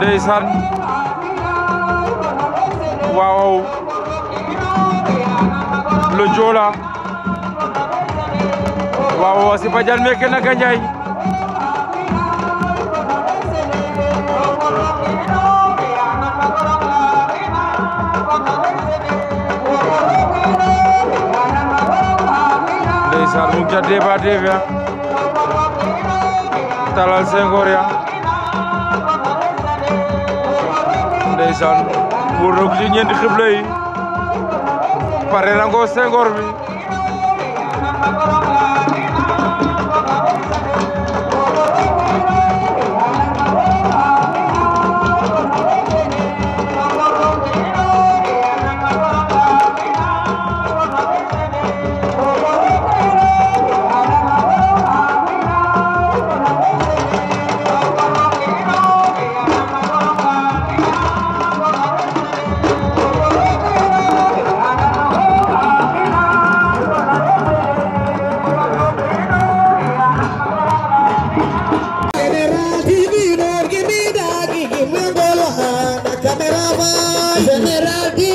ndeysaan waaw le Joola waaw si bajal meke na ganjay ndeysaan mu jadde ba defe talal sengoor ya ndeysaan wër na ko ci ñeenti xibla yi pare na bi venerável.